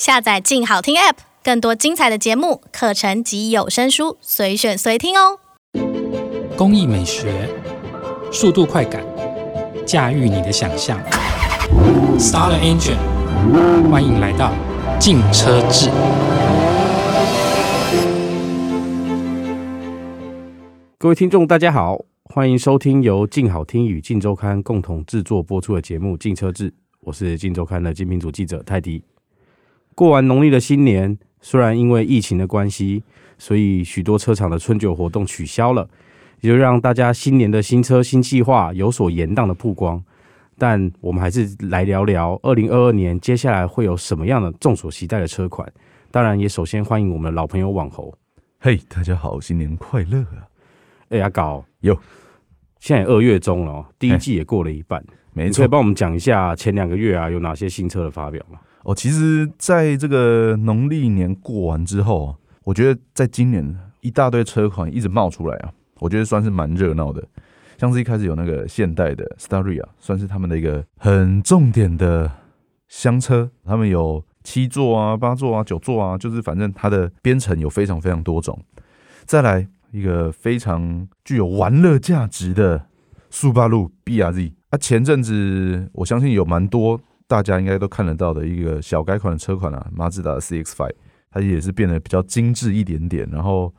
下載靜好聽 App，更多精彩的節目、課程及有聲書，隨選隨聽哦。工藝美學，速度快感，駕馭你的想象。Star Engine，歡迎來到《靜車智》。各位聽眾，大家好，歡迎收聽由靜好聽與靜週刊共同制作播出的節目《靜車智》。我是靜週刊的精品組記者泰迪。過完農曆的新年，雖然因為疫情的關係，所以許多車廠的春酒活動取消了，也就讓大家新年的新車新計劃有所延宕的曝光。但我們還是來聊聊二零二二年接下來會有什麼樣的眾所期待的車款。當然，也首先歡迎我們的老朋友網紅。嘿、hey，大家好，新年快樂啊！哎呀搞，搞喲，現在二月中了，第一季也過了一半，沒錯，幫我們講一下前兩個月啊有哪些新車的發表嗎？哦，其實，在這個農曆年過完之後啊，我覺得在今年一大堆車款一直冒出來啊，我覺得算是蠻熱鬧的。像是一開始有那個現代的 Staria 啊，算是他們的一個很重點的廂車，他們有七座啊、八座啊、九座啊，就是反正它的編成有非常非常多種。再來一個非常具有玩樂價值的 Subaru BRZ，啊，前陣子我相信有蠻多。大家應該都看得到的一個小改款的車款啦、啊，馬自達的 CX5，它也是變得比較精緻一點點，然後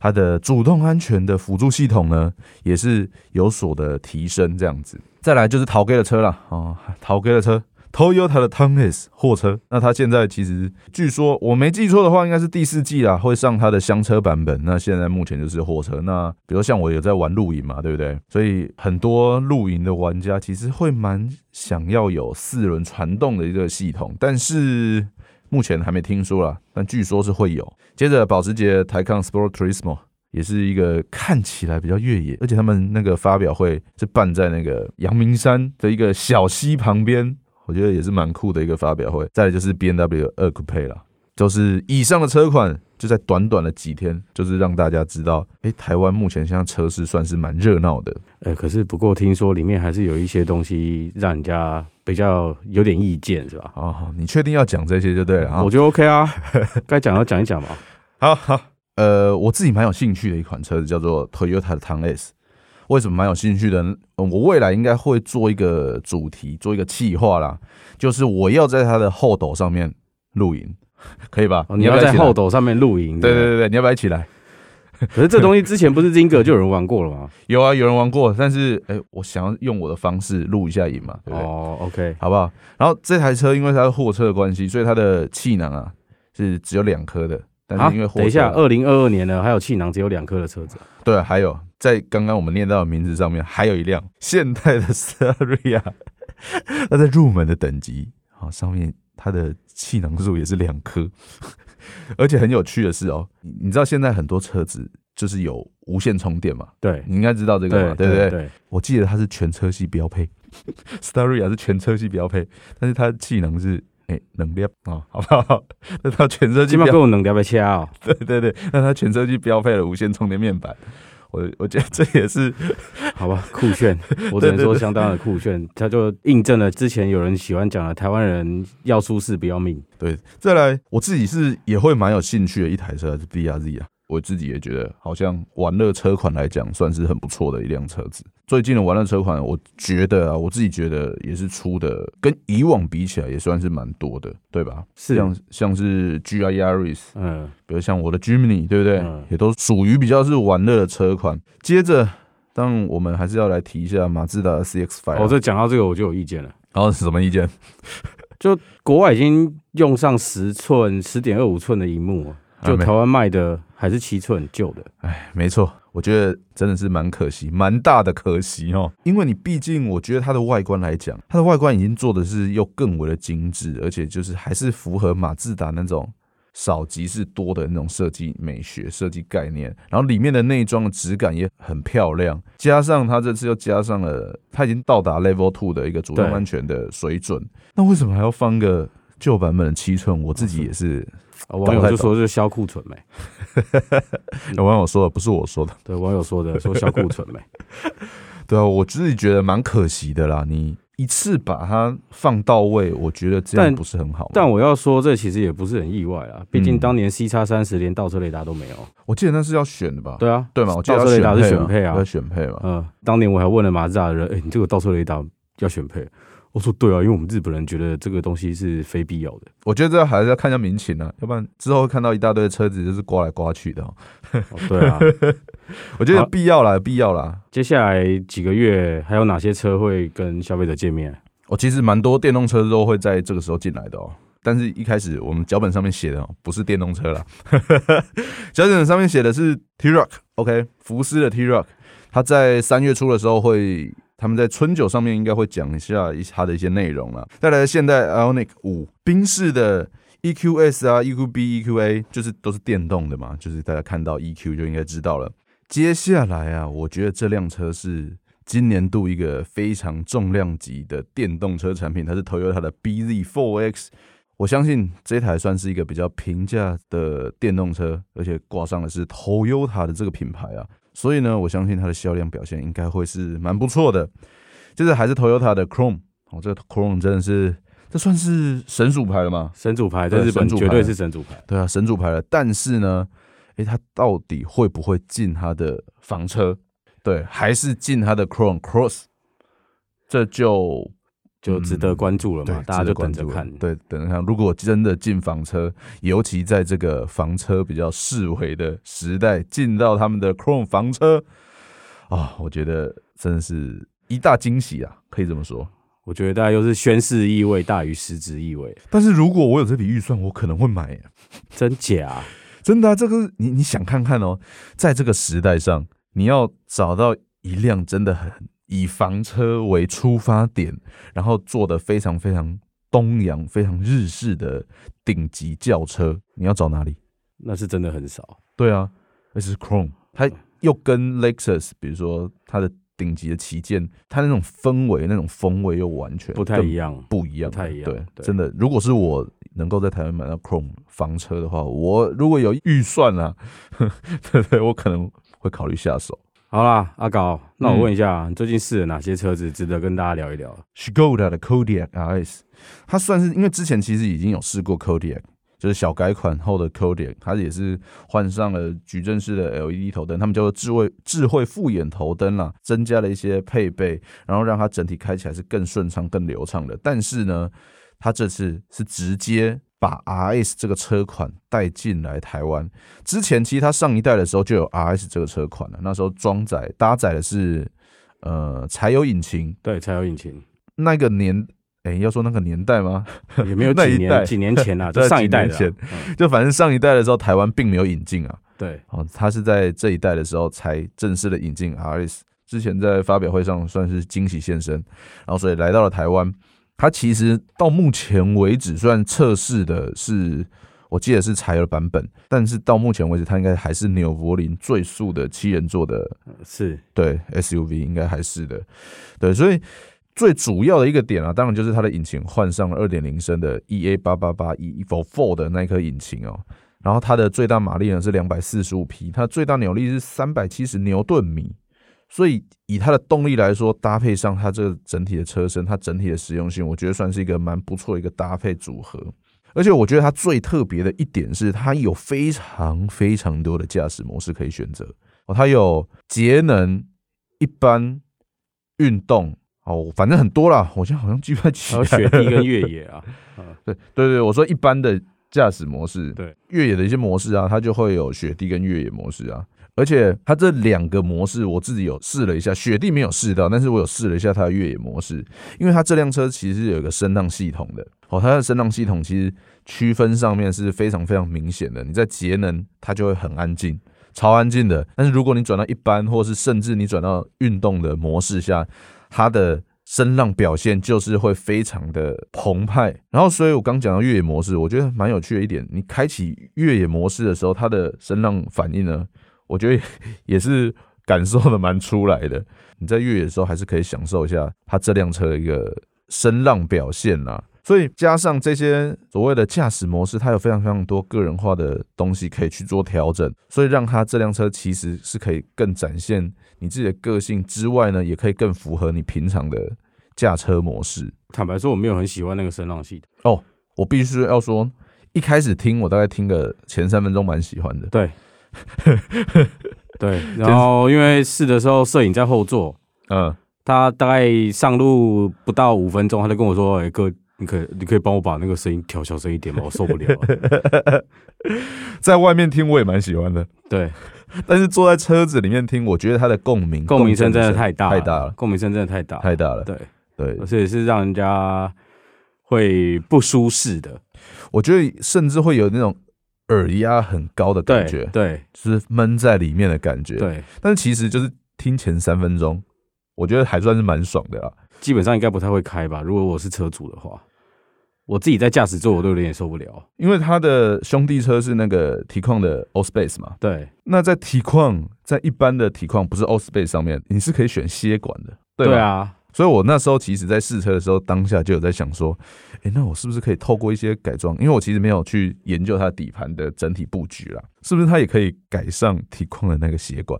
它的主動安全的輔助系統呢，也是有所的提升，這樣子。再來就是陶哥的車了啊，哦、陶哥的車。Toyota 的 Town Ace 貨車，那它現在其實據說我沒記錯的話，應該是第四季啦，會上它的廂車版本。那現在目前就是貨車。那比如像我有在玩露營嘛，對不對？所以很多露營的玩家其實會蠻想要有四輪傳動的一個系統，但是目前還沒聽說啦。但據說是會有。接着，保時捷 Taycan Sport Turismo 也是一個看起來比較越野，而且他們那個發表會是辦在那個陽明山的一個小溪旁邊。我覺得也是蠻酷的一個發表會，再來就是 BMW 2 Coupe 了，就是以上的車款就在短短的幾天，就是讓大家知道，誒、欸、台灣目前像車市算是蠻熱鬧的，呃，可是不過聽說裡面還是有一些東西讓人家比較有點意見，是吧？哦，你確定要講這些就對了、啊，我覺得 OK 啊，該講要講一講嘛，好好，呃，我自己蠻有興趣的一款車子叫做 Toyota 的 Town S。為什麼蠻有興趣的？我未來應該會做一個主題，做一個企劃啦，就是我要在它的後斗上面露營，可以吧、哦，你要？你要在後斗上面露營，對對對，對你要不要起來？ 可是這東西之前不是 Zinger 就有人玩過了嗎？ 有啊，有人玩過，但是哎、欸，我想要用我的方式露一下營嘛，對不對？哦，OK，好不好？然後這台車因為它是貨車的關係，所以它的氣囊啊是只有兩顆的。但是因為貨車、啊、等一下，二零二二年呢還有氣囊只有兩顆的車子？對、啊，還有。在剛剛我們念到的名字上面，還有一輛現代的 Staria，它在入門的等級上面，它的氣囊數也是兩顆，而且很有趣的是哦、喔，你知道現在很多車子就是有無線充電嘛？對，你應該知道這個嘛，對不對？對，我記得它是全車系標配，Staria 是全車系標配，但是它的氣囊是哎，兩顆哦，好不好？那它全車系，起碼夠我能量的哦，對對對，那、哦哦、它全車系標配了無線充電面板。我我覺得這也是，好吧，酷炫，我只能說相當的酷炫，他 就印證了之前有人喜歡講的台灣人要舒適不要命。對，再來，我自己是也會蠻有興趣的一台車是 BRZ 啊。我自己也覺得，好像玩樂車款來講，算是很不錯的一輛車子。最近的玩樂車款，我覺得啊，我自己覺得也是出的跟以往比起來，也算是蠻多的，對吧？是像像是 GR Yaris，嗯，比如像我的 Jimny，、嗯、對不對？也都屬於比較是玩樂的車款。接着，但我們還是要來提一下馬自達 CX-5、啊。我、哦、這講到這個，我就有意見了。然後是什麼意見？就國外已經用上十寸、十點二五寸的熒幕了。就台灣賣的還是七寸很舊的，哎，沒錯，我覺得真的是蠻可惜，蠻大的可惜哦。因為你畢竟，我覺得它的外觀來講，它的外觀已經做的是又更為的精緻，而且就是還是符合馬自達那種少即是多的那種設計美學設計概念。然後裡面的內裝的質感也很漂亮，加上它這次又加上了，它已經到達 Level Two 的一個主動安全的水準，那為什麼還要放個？舊版本的七寸，我自己也是、哦。網友就說：“是銷庫存唄。”網友說的，不是我說的。對，網友說的，說銷庫存唄。對啊，我自己覺得蠻可惜的啦。你一次把它放到位，我覺得這樣不是很好但，但我要說，這其實也不是很意外啊。畢竟當年 CX30 連倒車雷達都沒有，嗯、我記得那是要選的吧？對啊，對嘛。我記得倒車雷達是選配啊，要選配，嗯，當年我還問了馬自達的人、欸：“你這個倒車雷達要選配？”我說對啊，因為我們日本人覺得這個東西是非必要的。我覺得這還是要看一下民情啊，要不然之後會看到一大堆車子就是刮來刮去的、哦哦。對啊， 我覺得有必要啦，有必要啦。接下來幾個月還有哪些車會跟消費者見面？我其實蠻多電動車都會在這個時候進來的哦。但是一開始我們腳本上面寫的、哦、不是電動車啦，腳 本上面寫的是 T-Roc，OK，、okay, 福斯的 T-Roc，它在三月初的時候會。他們在春酒上面應該會講一下一它的一些內容了。再來，現代 IONIQ 5，賓士的 EQS 啊，EQB，EQA，就是都是電動的嘛，就是大家看到 EQ 就應該知道了。接下來啊，我覺得這輛車是今年度一個非常重量級的電動車產品，它是 Toyota 的 BZ4X，我相信這台算是一個比較平價的電動車，而且掛上的是 Toyota 的這個品牌啊。所以呢，我相信它的銷量表現，應該會是蠻不錯的。接着還是 Toyota 的 Crown 哦，這個 Crown 真的是，這算是神主牌了嗎？神主牌，在日本絕對是神主牌。對，牌對啊，神主牌了。但是呢，誒、欸，它到底會不會進它的房車？對，還是進它的 Crown Cross？這就。就值得關注了嘛，嗯、大家就等着看。對，等着看。如果真的進房車，尤其在這個房車比較式微的時代，進到他們的 Chrome 房車，啊、哦，我覺得真是一大驚喜啊！可以這麼說，我覺得大家又是宣示意味大於實質意味。 但是如果我有這筆預算，我可能會買。真假？ 真的、啊、這個你你想看看哦。在這個時代上，你要找到一輛真的很。以房車為出發點，然後做的非常非常東洋、非常日式的頂級轎車，你要找哪裡？那是真的很少。對啊，那是 Chrome，它又跟 Lexus，比如說它的頂級的旗艦，它那種氛圍、那種風味又完全不，不太一樣，不一樣，不太一樣。對，真的，如果是我能夠在台灣買到 Chrome 房車的話，我如果有預算啦、啊， 對，對對，我可能會考慮下手。好啦，阿高，那我問一下，嗯、最近試了哪些車子值得跟大家聊一聊？Skoda 的 Kodiaq RS 它算是因為之前其實已經有試過 Kodiaq 就是小改款後的 Kodiaq 它也是換上了矩陣式的 LED 頭燈，他們叫做智慧智慧複眼頭燈啦、啊，增加了一些配備，然後讓它整體開起來是更順暢、更流暢的。但是呢，它這次是直接。把 R S 這個車款帶進來台灣，之前，其實它上一代的時候就有 R S 這個車款了。那時候裝載搭載的是呃柴油引擎，對柴油引擎。那個年，哎、欸，要說那個年代嗎？也沒有幾年 那一代幾年前啊，就上一代的、啊、前、嗯，就反正上一代的時候台灣並沒有引進啊。對，哦，它是在這一代的時候才正式的引進 R S。之前在發表會上算是驚喜現身，然後所以來到了台灣。它其實到目前為止，雖然測試的是，我記得是柴油版本，但是到目前為止，它應該還是紐柏林最速的七人座的是，是對 SUV 應該還是的，對，所以最主要的一個點啊，當然就是它的引擎換上了二點零升的 EA 八八八 Evo Four 的那一顆引擎哦、喔，然後它的最大馬力呢是兩百四十五匹，它最大扭力是三百七十牛頓米。所以以它的動力來說，搭配上它這個整體的車身，它整體的實用性，我覺得算是一個蠻不錯的一個搭配組合。而且我覺得它最特別的一點是，它有非常非常多的駕駛模式可以選擇。哦，它有節能、一般、運動，哦，反正很多啦，我現在好像記不太起來。還有雪地跟越野啊。 對對對，我說一般的駕駛模式，對越野的一些模式啊，它就會有雪地跟越野模式啊。而且它這兩個模式，我自己有試了一下，雪地沒有試到，但是我有試了一下它的越野模式，因為它這輛車其實是有一個聲浪系統的，哦，它的聲浪系統其實區分上面是非常非常明顯的。你在節能，它就會很安靜，超安靜的。但是如果你轉到一般，或是甚至你轉到運動的模式下，它的聲浪表現就是會非常的澎湃。然後，所以我剛講到越野模式，我覺得蠻有趣的一點，你開啟越野模式的時候，它的聲浪反應呢？我覺得也是感受的蠻出來的。你在越野的時候，還是可以享受一下它這輛車的一個聲浪表現吶、啊。所以加上這些所謂的駕駛模式，它有非常非常多個人化的東西可以去做調整。所以讓它這輛車其實是可以更展現你自己的個性之外呢，也可以更符合你平常的駕車模式。坦白說，我沒有很喜歡那個聲浪系統哦。我必須要說，一開始聽我大概聽個前三分鐘蠻喜歡的。對。 對，然後因為試的時候，攝影在後座，嗯，他大概上路不到五分鐘，他就跟我說、欸：“哎哥，你可你可以幫我把那個聲音調小聲一點嗎？我受不了了。 ”在外面聽我也蠻喜歡的，對，但是坐在車子裡面聽，我覺得它的共鳴共鳴聲真的太大太大了，共鳴聲真的太大太大了，對對，而且是讓人家會不舒適的。我覺得甚至會有那種。耳壓很高的感覺，對，對就是悶在裡面的感覺，對。但其實就是聽前三分鐘，我覺得還算是蠻爽的啊。基本上應該不太會開吧，如果我是車主的話，我自己在駕駛座我都有點受不了，因為他的兄弟車是那個 Tiguan 的 Allspace 嘛，對。那在 Tiguan，在一般的 Tiguan 不是 Allspace 上面，你是可以選吸管的，對，對啊。所以，我那時候其實，在試車的時候，當下就有在想說，哎、欸，那我是不是可以透過一些改裝？因為我其實沒有去研究它底盤的整體布局啦，是不是它也可以改善提供的那個鞋管？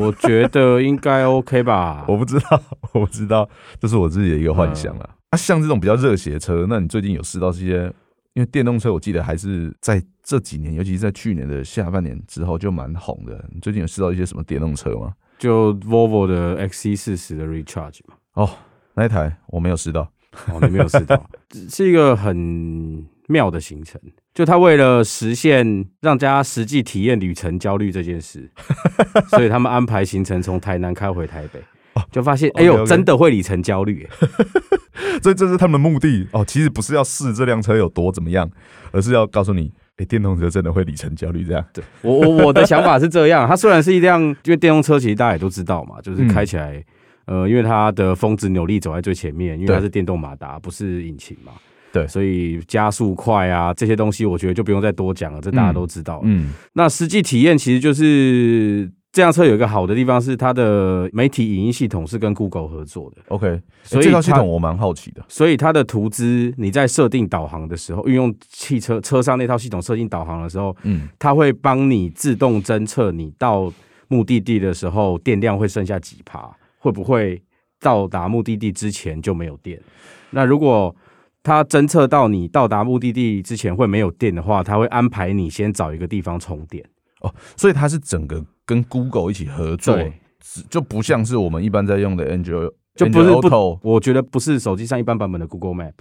我覺得應該 OK 吧。 我不知道，我不知道，這、就是我自己的一個幻想啦。嗯、啊，像這種比較熱血的車，那你最近有試到這些？因為電動車，我記得還是在這幾年，尤其是在去年的下半年之後，就蠻紅的。你最近有試到一些什麼電動車嗎？就 Volvo 的 XC 40的 Recharge 嘛。哦、oh，那一台我沒有試到， 哦，你沒有試到，是一個很妙的行程。就他為了實現讓大家實際體驗里程焦慮這件事，所以他們安排行程從台南開回台北，就發現，oh, okay, okay. 哎呦，真的會里程焦慮。這 這是他們的目的哦，其實不是要試這輛車有多怎麼樣，而是要告訴你，哎、欸，電動車真的會里程焦慮這樣。 對我我我的想法是這樣，它雖然是一輛，因為電動車其實大家也都知道嘛，就是開起來、嗯。呃，因為它的峰值扭力走在最前面，因為它是電動馬達，不是引擎嘛，對，所以加速快啊，這些東西我覺得就不用再多講了，這大家都知道了嗯。嗯，那實際體驗其實就是這輛車有一個好的地方是它的媒體影音系統是跟 Google 合作的，OK，所以這套系統我蠻好奇的。所以它，所以它的圖資，你在設定導航的時候，運用汽車車上那套系統設定導航的時候，嗯，它會幫你自動偵測你到目的地的時候電量會剩下幾趴。會不會到達目的地之前就沒有電？那如果它偵測到你到達目的地之前會沒有電的話，它會安排你先找一個地方充電哦。所以它是整個跟 Google 一起合作，就不像是我們一般在用的 Android，就不是不，Android Auto，我覺得不是手機上一般版本的 Google Map。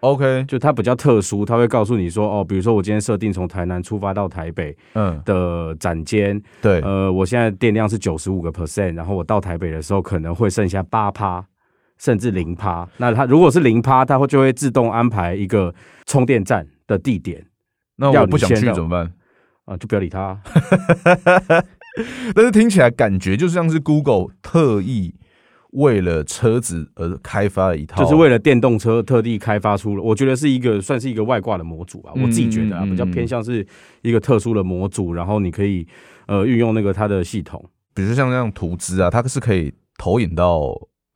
OK，就它比較特殊，它會告訴你說，哦，比如說我今天設定從台南出發到台北的展間，嗯，對，呃，我現在電量是九十五個 percent，然後我到台北的時候可能會剩下八趴，甚至零趴。嗯。那它如果是零趴，它會就會自動安排一個充電站的地點。那我，我不想去怎麼辦？啊，呃，就不要理它，啊。 但是聽起來感覺就像是 Google 特意。為了車子而開發了一套，就是為了電動車特地開發出了。我覺得是一個算是一個外掛的模組吧，我自己覺得啊，比較偏向是一個特殊的模組。然後你可以呃運用那個它的系統、嗯，嗯嗯、那系統比如像這樣圖資啊，它是可以投影到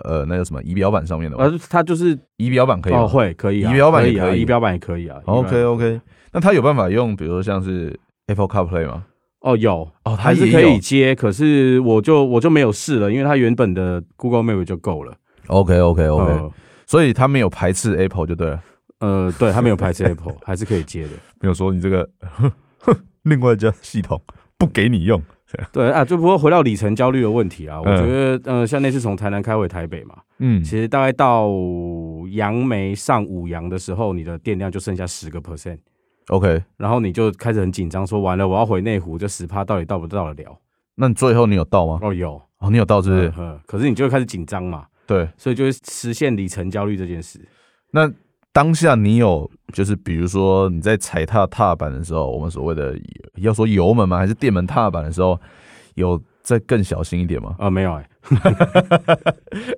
呃那個什麼儀表板上面的。它就是儀表板可以、啊、哦，會可以、啊，儀表板也可以、啊，儀、啊表，啊啊、表板也可以啊。OK OK，那它有辦法用，比如說像是 Apple CarPlay 嗎？哦，有哦他有，還是可以接，可是我就我就沒有試了，因為他原本的 Google Map 就夠了。OK OK OK，、呃、所以他沒有排斥 Apple 就對了。呃，對，他沒有排斥 Apple， 還是可以接的， 沒有說你這個另外一家系統不給你用。 對啊，就不過回到里程焦慮的問題啊，我覺得，嗯、呃，像那次從台南開回台北嘛，嗯，其實大概到楊梅上五楊的時候，你的電量就剩下十個 percent。OK，然後你就開始很緊張，說，完了，我要回內湖就10，就十趴到底到不到得了？那你最後你有到嗎？哦有哦，你有到是不是？嗯。嗯，可是你就會開始緊張嘛？對，所以就會實現里程焦慮這件事。那當下你有，就是比如說你在踩踏踏板的時候，我們所謂的要說油門嗎？還是電門踏板的時候，有再更小心一點嗎？啊、嗯，沒有哎、欸。哈哈哈！哈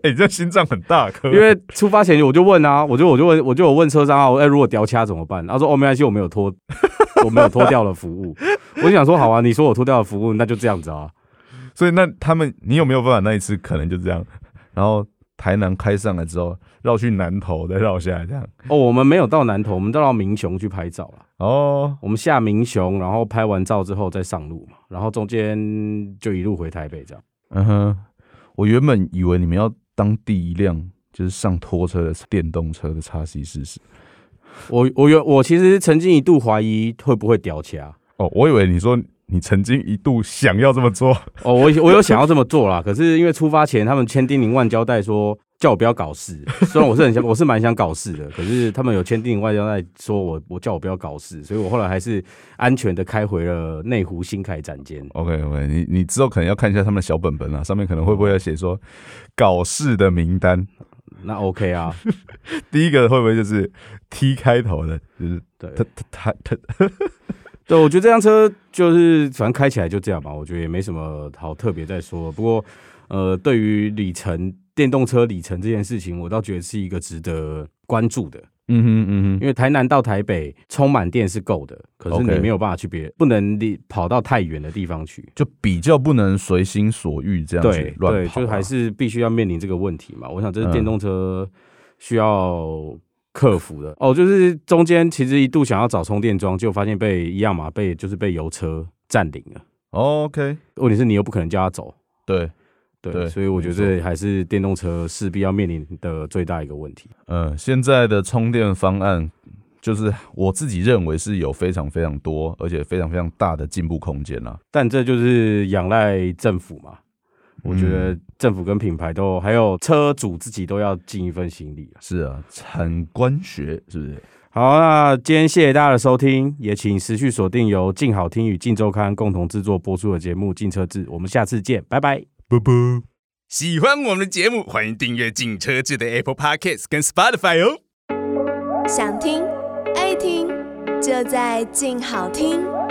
哎，你這心臟很大，因為出發前我就問啊，我就我就問，我就我問車商啊，哎、欸，如果掉卡怎麼辦？他、啊、說哦，沒關係，我沒有拖，我沒有拖吊的服務。 我就想說，好啊，你說我拖吊的服務，那就這樣子啊。所以那他們，你有沒有辦法？那一次可能就這樣。然後台南開上來之後，繞去南投再繞下來這樣。哦，我們沒有到南投，我們到到民雄去拍照了、啊。哦、oh.，我們下民雄，然後拍完照之後再上路嘛，然後中間就一路回台北這樣。嗯哼。我原本以為你們要當第一輛就是上拖車的電動車的叉 C 四十。我我原我其實曾經一度懷疑會不會掉漆。哦，我以為你說你曾經一度想要這麼做。哦，我我有想要這麼做啦， 可是因為出發前他們千叮嚀萬交代說。叫我不要搞事，雖然我是很想，我是蠻想搞事的，可是他們有千叮萬交代說我，我叫我不要搞事，所以我後來還是安全的開回了內湖新凱展間。OK OK，你你之後可能要看一下他們的小本本啊，上面可能會不會要寫說搞事的名單？那 OK 啊， 第一個會不會就是 T 開頭的？就是對，他他他他，對，我覺得這輛車就是反正開起來就這樣吧，我覺得也沒什麼好特別再說。不過呃，對於里程。電動車里程這件事情，我倒覺得是一個值得關注的。嗯哼嗯哼，因為台南到台北充滿電是夠的，可是你沒有辦法去別，Okay. 不能跑到太遠的地方去，就比較不能隨心所欲這樣子亂跑，啊對對，就還是必須要面臨這個問題嘛。我想這是電動車需要克服的，嗯。哦，就是中間其實一度想要找充電樁，就發現被一樣嘛，被就是被油車佔領了。OK，問題是你又不可能叫他走，對。對，所以我覺得還是電動車勢必要面臨的最大一個問題。嗯、呃，現在的充電方案，就是我自己認為是有非常非常多，而且非常非常大的進步空間了、啊。但這就是仰賴政府嘛，我覺得政府跟品牌都、嗯、還有車主自己都要盡一份心力、啊。是啊，很官學是不是？好，那今天謝謝大家的收聽，也請持續鎖定由鏡好聽與鏡週刊共同製作播出的節目《鏡車誌》，我們下次見，拜拜。啵啵，喜歡我們的節目，歡迎訂閱鏡車誌的 Apple Podcast 跟 Spotify 哦。想聽、愛聽，就在鏡好聽。